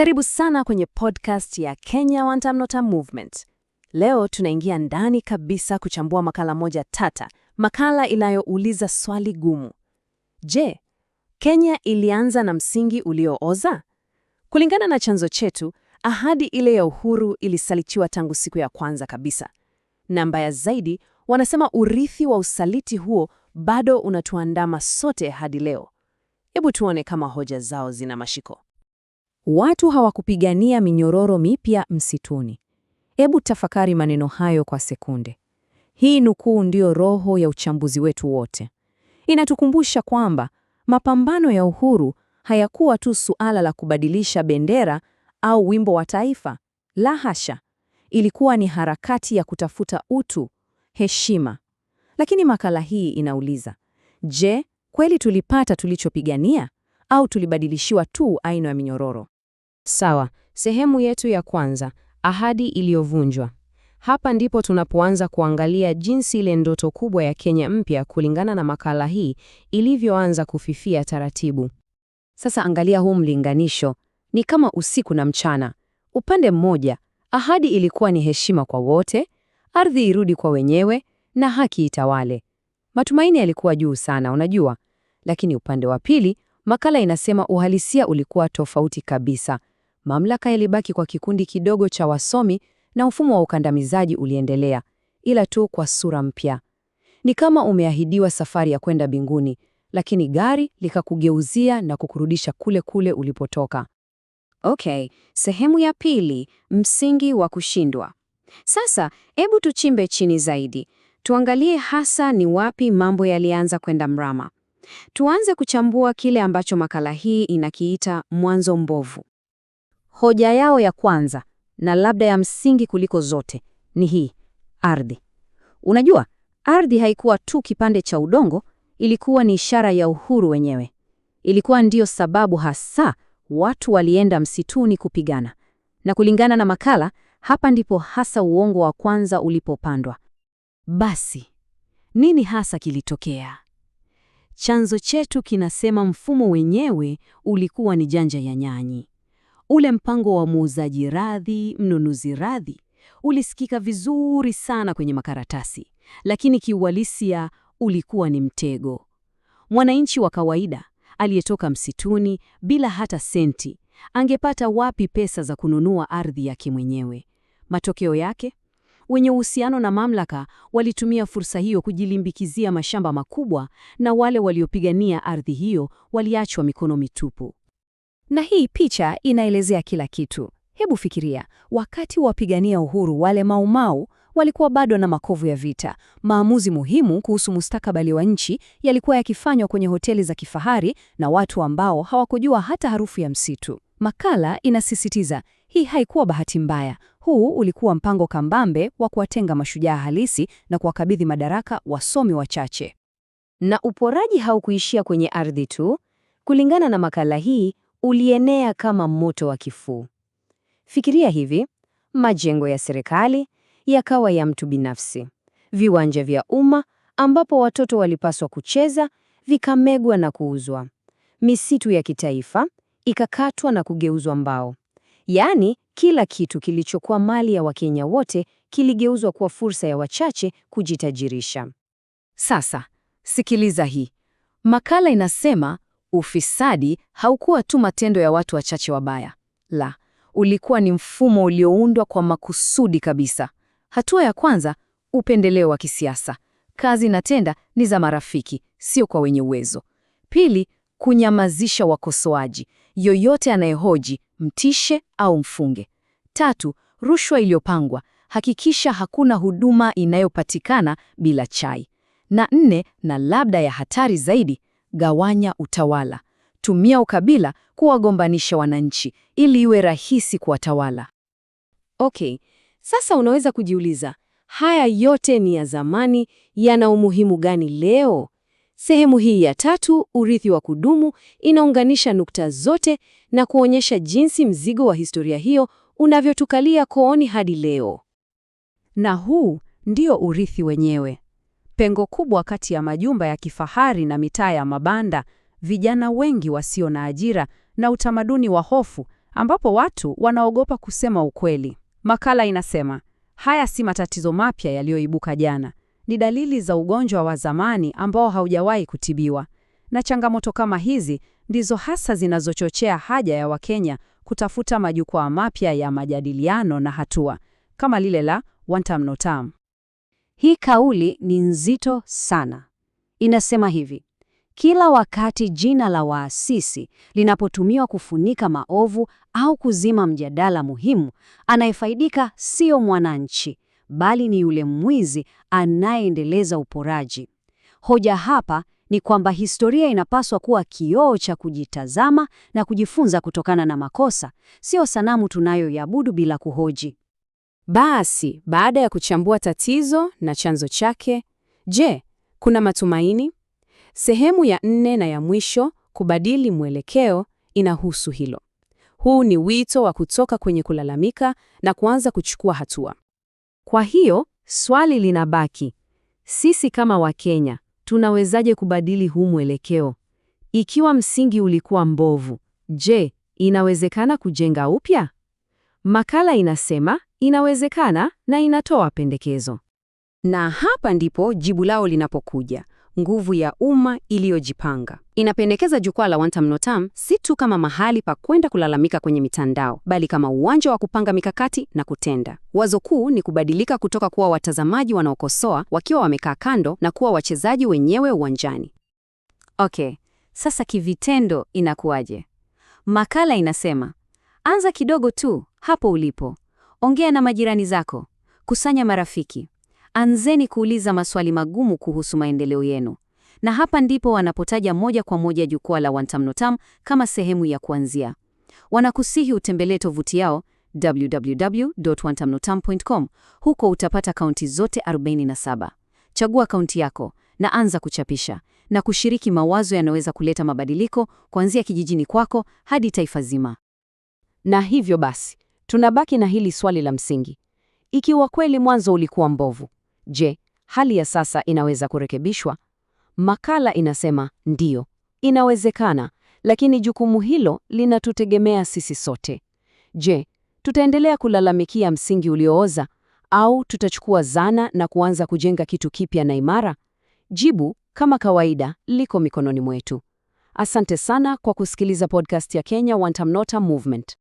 Karibu sana kwenye podcast ya Kenya Wantamnotam Movement. Leo tunaingia ndani kabisa kuchambua makala moja tata, makala inayouliza swali gumu. Je, Kenya ilianza na msingi uliooza? Kulingana na chanzo chetu, ahadi ile ya uhuru ilisalichiwa tangu siku ya kwanza kabisa. Na mbaya zaidi, wanasema urithi wa usaliti huo bado unatuandama sote hadi leo. Hebu tuone kama hoja zao zina mashiko. Watu hawakupigania minyororo mipya msituni. Hebu tafakari maneno hayo kwa sekunde. Hii nukuu ndiyo roho ya uchambuzi wetu wote. Inatukumbusha kwamba mapambano ya uhuru hayakuwa tu suala la kubadilisha bendera au wimbo wa taifa. La hasha, ilikuwa ni harakati ya kutafuta utu, heshima. Lakini makala hii inauliza, je, kweli tulipata tulichopigania au tulibadilishiwa tu aina ya minyororo? Sawa, sehemu yetu ya kwanza, ahadi iliyovunjwa. Hapa ndipo tunapoanza kuangalia jinsi ile ndoto kubwa ya Kenya mpya kulingana na makala hii ilivyoanza kufifia taratibu. Sasa angalia huu mlinganisho, ni kama usiku na mchana. Upande mmoja, ahadi ilikuwa ni heshima kwa wote, ardhi irudi kwa wenyewe na haki itawale. Matumaini yalikuwa juu sana, unajua. Lakini upande wa pili, makala inasema uhalisia ulikuwa tofauti kabisa mamlaka yalibaki kwa kikundi kidogo cha wasomi na mfumo wa ukandamizaji uliendelea, ila tu kwa sura mpya. Ni kama umeahidiwa safari ya kwenda mbinguni, lakini gari likakugeuzia na kukurudisha kule kule ulipotoka. Okay, sehemu ya pili, msingi wa kushindwa. Sasa hebu tuchimbe chini zaidi, tuangalie hasa ni wapi mambo yalianza kwenda mrama. Tuanze kuchambua kile ambacho makala hii inakiita mwanzo mbovu. Hoja yao ya kwanza na labda ya msingi kuliko zote ni hii: ardhi. Unajua, ardhi haikuwa tu kipande cha udongo, ilikuwa ni ishara ya uhuru wenyewe. Ilikuwa ndiyo sababu hasa watu walienda msituni kupigana. Na kulingana na makala, hapa ndipo hasa uongo wa kwanza ulipopandwa. Basi, nini hasa kilitokea? Chanzo chetu kinasema mfumo wenyewe ulikuwa ni janja ya nyanyi Ule mpango wa muuzaji radhi, mnunuzi radhi ulisikika vizuri sana kwenye makaratasi, lakini kiuhalisia ulikuwa ni mtego. Mwananchi wa kawaida aliyetoka msituni bila hata senti angepata wapi pesa za kununua ardhi yake mwenyewe? Matokeo yake, wenye uhusiano na mamlaka walitumia fursa hiyo kujilimbikizia mashamba makubwa, na wale waliopigania ardhi hiyo waliachwa mikono mitupu. Na hii picha inaelezea kila kitu. Hebu fikiria, wakati wapigania uhuru wale Maumau walikuwa bado na makovu ya vita. Maamuzi muhimu kuhusu mustakabali wa nchi yalikuwa yakifanywa kwenye hoteli za kifahari na watu ambao hawakujua hata harufu ya msitu. Makala inasisitiza hii haikuwa bahati mbaya. Huu ulikuwa mpango kambambe wa kuwatenga mashujaa halisi na kuwakabidhi madaraka wasomi wachache. Na uporaji haukuishia kwenye ardhi tu. Kulingana na makala hii, ulienea kama moto wa kifuu. Fikiria hivi, majengo ya serikali yakawa ya mtu binafsi, viwanja vya umma ambapo watoto walipaswa kucheza vikamegwa na kuuzwa, misitu ya kitaifa ikakatwa na kugeuzwa mbao. Yaani, kila kitu kilichokuwa mali ya Wakenya wote kiligeuzwa kuwa fursa ya wachache kujitajirisha. Sasa sikiliza hii makala inasema Ufisadi haukuwa tu matendo ya watu wachache wabaya. La, ulikuwa ni mfumo ulioundwa kwa makusudi kabisa. Hatua ya kwanza, upendeleo wa kisiasa. Kazi na tenda ni za marafiki, sio kwa wenye uwezo. Pili, kunyamazisha wakosoaji. Yoyote anayehoji, mtishe au mfunge. Tatu, rushwa iliyopangwa. Hakikisha hakuna huduma inayopatikana bila chai. Na nne, na labda ya hatari zaidi, gawanya utawala, tumia ukabila kuwagombanisha wananchi ili iwe rahisi kuwatawala. Okay, sasa unaweza kujiuliza, haya yote ni ya zamani, yana umuhimu gani leo? Sehemu hii ya tatu, urithi wa kudumu, inaunganisha nukta zote na kuonyesha jinsi mzigo wa historia hiyo unavyotukalia kooni hadi leo. Na huu ndio urithi wenyewe pengo kubwa kati ya majumba ya kifahari na mitaa ya mabanda, vijana wengi wasio na ajira na utamaduni wa hofu ambapo watu wanaogopa kusema ukweli. Makala inasema haya si matatizo mapya yaliyoibuka jana, ni dalili za ugonjwa wa zamani ambao haujawahi kutibiwa. Na changamoto kama hizi ndizo hasa zinazochochea haja ya Wakenya kutafuta majukwaa mapya ya majadiliano na hatua kama lile la One Term No Term. Hii kauli ni nzito sana. Inasema hivi: kila wakati jina la waasisi linapotumiwa kufunika maovu au kuzima mjadala muhimu, anayefaidika sio mwananchi, bali ni yule mwizi anayeendeleza uporaji. Hoja hapa ni kwamba historia inapaswa kuwa kioo cha kujitazama na kujifunza kutokana na makosa, sio sanamu tunayoiabudu bila kuhoji. Basi, baada ya kuchambua tatizo na chanzo chake, je, kuna matumaini? Sehemu ya nne na ya mwisho, kubadili mwelekeo, inahusu hilo. Huu ni wito wa kutoka kwenye kulalamika na kuanza kuchukua hatua. Kwa hiyo, swali linabaki. Sisi kama Wakenya, tunawezaje kubadili huu mwelekeo? Ikiwa msingi ulikuwa mbovu, je, inawezekana kujenga upya? Makala inasema inawezekana na inatoa pendekezo. Na hapa ndipo jibu lao linapokuja: nguvu ya umma iliyojipanga. Inapendekeza jukwaa la Wantam Notam si tu kama mahali pa kwenda kulalamika kwenye mitandao, bali kama uwanja wa kupanga mikakati na kutenda. Wazo kuu ni kubadilika kutoka kuwa watazamaji wanaokosoa wakiwa wamekaa kando na kuwa wachezaji wenyewe uwanjani. Okay, sasa kivitendo inakuwaje? Makala inasema anza kidogo tu hapo ulipo. Ongea na majirani zako, kusanya marafiki, anzeni kuuliza maswali magumu kuhusu maendeleo yenu, na hapa ndipo wanapotaja moja kwa moja jukwaa la wantamnotam kama sehemu ya kuanzia. Wanakusihi utembelee tovuti yao www.wantamnotam.com. Huko utapata kaunti zote 47. Chagua kaunti yako na anza kuchapisha na kushiriki mawazo yanaweza kuleta mabadiliko kuanzia kijijini kwako hadi taifa zima. Na hivyo basi, tunabaki na hili swali la msingi. Ikiwa kweli mwanzo ulikuwa mbovu, je, hali ya sasa inaweza kurekebishwa? Makala inasema ndiyo, inawezekana, lakini jukumu hilo linatutegemea sisi sote. Je, tutaendelea kulalamikia msingi uliooza au tutachukua zana na kuanza kujenga kitu kipya na imara? Jibu kama kawaida liko mikononi mwetu. Asante sana kwa kusikiliza podcast ya Kenya Wantamnotam Movement.